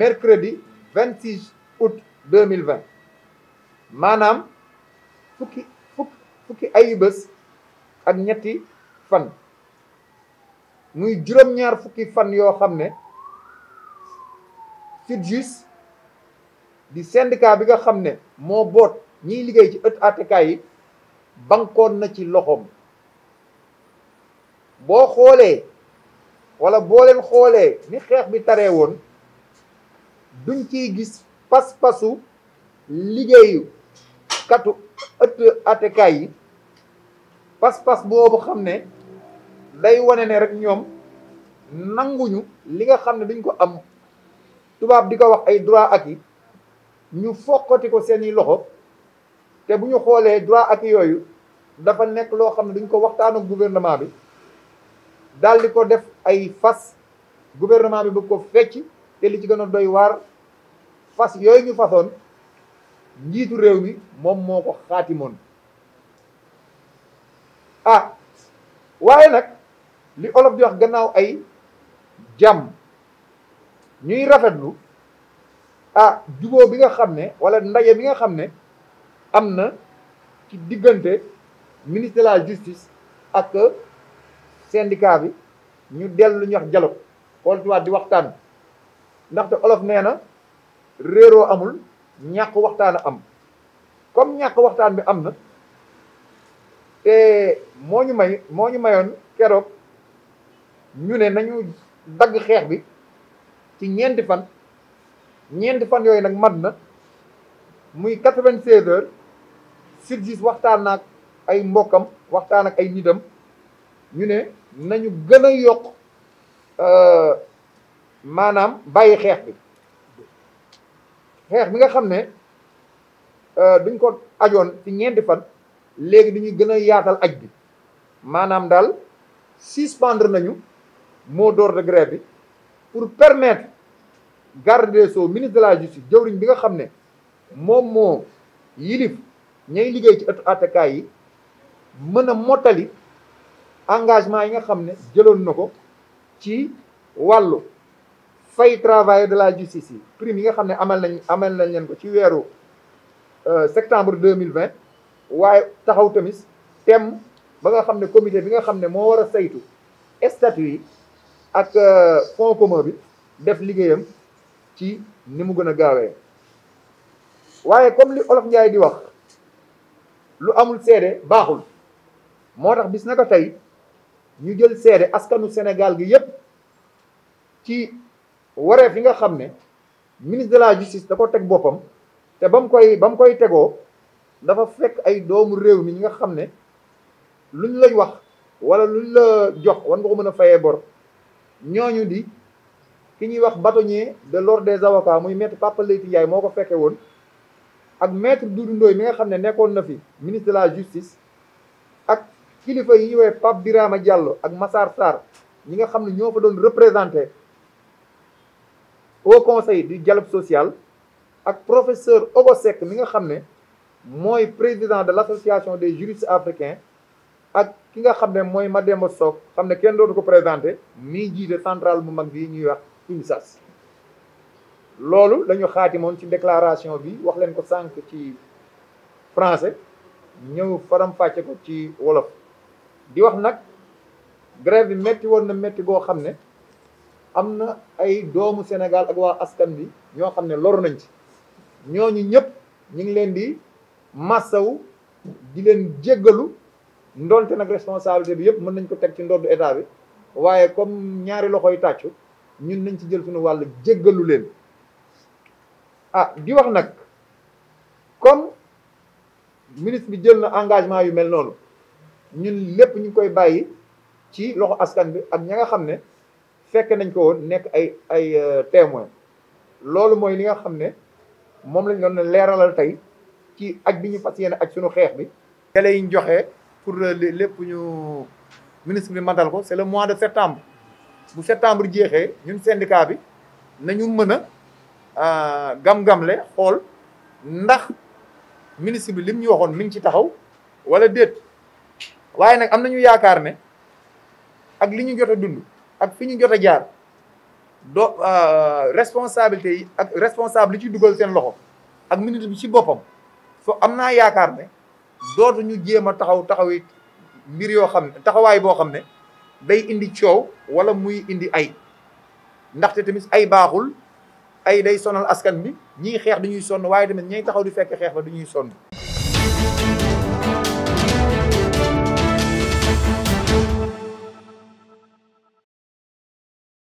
mercredi 26 août 2020 manam, fukki fukki fukki ayu bés ak ñetti fan muy juróom-ñaar fukki fan yo xamne ne di syndicat bi nga xamne mo bot ñi ñiy liggéey ci atk yi bankon na ci loxom bo xolé wala bo len xolé ni xex bi taré won duñ ciy gis pas-pasu liggéeyu katu ëtt atekaay yi pas-pas boobu xam ne day wane ne rek ñoom nanguñu li nga xam ne duñ ko am tubaab di ko wax ay droit ak yi ñu foqati ko seeni loxo te bu ñu xoolee droit ak yooyu dafa nekk loo xam ne duñ ko waxtaan ak gouvernement bi daal di ko def ay fas gouvernement bi bëgg ko fecc te li ci gën a doy waar fas yooyu ñu fasoon njiitu réew mi moom moo ko xaatimoon ah waaye nag li olof bi wax gannaaw ay jàmm ñuy rafetlu ah jubo bi nga xam ne wala ndaje bi nga xam ne am na ci diggante ministre la justice ak syndicat bi ñu dellu ñu wax dialogue xool di waxtaan ndaxte olof nee na réeroo amul ñàkk waxtaan a am comme ñàkk waxtaan bi am na te moo ñu may moo ñu mayoon keroog ñu ne nañu dagg xeex bi ci ñeenti fan ñeenti fan yooyu nag mat na muy quatre-vingt-seize heures surgis waxtaan ak ay mbokkam waxtaan ak ay nitam ñu ne nañu gën a yokk euh, maanaam bàyyi xeex bi xeex bi nga xam ne euh, duñ ko ajoon ci ñeenti fan léegi dañuy gën a yaatal aj bi maanaam daal suspendre nañu mot d'ordre de grève bi pour permettre garde des sceaux ministre de la justice jëwriñ bi nga xam ne moom moo yilif ñay liggéey ci ëttu attekaay yi mën a mottali engagement yi nga xam ne jëloon na ko ci wàllu fay travailleurs de la justice si prime yi nga xam ne amal nañ amal nañ leen ko ci weeru euh, septembre deux mille vingt waaye taxaw tamit tem ba nga xam ne comité bi nga xam ne moo war a saytu statut yi ak euh, fonds commun bi def liggéeyam ci ni mu gën a gaawee waaye comme li olof Njaay di wax lu amul seede baaxul moo tax bis na ko tey ñu jël seede askanu Sénégal gi yépp ci wareef yi nga xam ne ministre de la justice da ko teg boppam te ba mu koy ba mu koy tegoo dafa fekk ay doomu réew mi ñi nga xam ne lu ñu lañ wax wala luñ la jox wan nga ko mën a fayee ñoo ñu di ki ñuy wax bâtonnier de l'ordre des avocats muy maître Papa Leyti Ndiaye moo ko fekke woon ak maître du Ndoye mi nga xam ne nekkoon na fi ministre de la justice ak kilifa yi ñuy woowee Pape Birama Diallo ak Massar Sarr ñi nga xam ne ñoo fa doon représenté au conseil du dialogue social ak professeur Obosek, mi nga xam président de l'association des juristes africains ak ki nga xamné moy mooy sok xamné xam do kenn dootu ko présenté mii jiite centrale bu mag bii ñuy wax insas lolu la ñu ci déclaration bi wax len ko sank ci français ñeu faram-fàcce ko ci wolof di wax nak grève bi métti woon na metti go xamné am na ay doomu Sénégal ak waa askan bi ñoo xam ne loru nañ ci ñoo ñu ñëpp ñu ngi leen di massawu di leen jéggalu ndonte nag responsabilité bi yëpp mën nañ ko teg ci ndoddu état bi waaye comme ñaari loxo yi tàccu ñun nañ ci jël suñu wàll jéggalu leen ah di wax nag comme ministre bi jël na engagement yu mel noonu ñun lépp ñu koy bàyyi ci loxo askan bi ak ña nga xam ne fekk nañ ko woon nekk ay ay euh, témoin loolu mooy li nga xam ne moom lañ doon leeralal tey ci ak bi ñu fas yéene ak sunu xeex bi délai yi ñu joxe pour euh, le lépp ñu ministre bi matal ko c'est le mois de septembre bu septembre jeexee ñun syndicat bi nañu mën a euh, gam-gamle xool ndax ministre bi lim ñu waxoon mi ngi ci taxaw wala déet waaye nag am nañu yaakaar ne ak li ñu jot dund ak fi ñu jot a jaar do euh, responsabilité yi ak responsable li ci dugal seen loxo ak ministre bi ci boppam so am naa yaakaar ne dootuñu jéem a taxaw taxawi mbir yoo xam ne taxawaay boo xam ne day indi coow wala muy indi ay ndaxte tamit ay baaxul ay day sonal askan bi ñiy xeex dañuy sonn waaye tamit ñay taxaw di fekk xeex ba du ñuy sonn